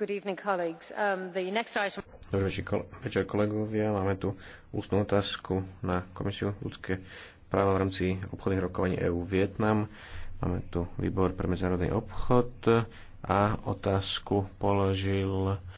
Um, Dobrý večer kolegovia. Máme tu ústnu otázku na Komisiu ľudské práva v rámci obchodných rokovaní EU Vietnam. Máme tu výbor pre medzinárodný obchod a otázku položil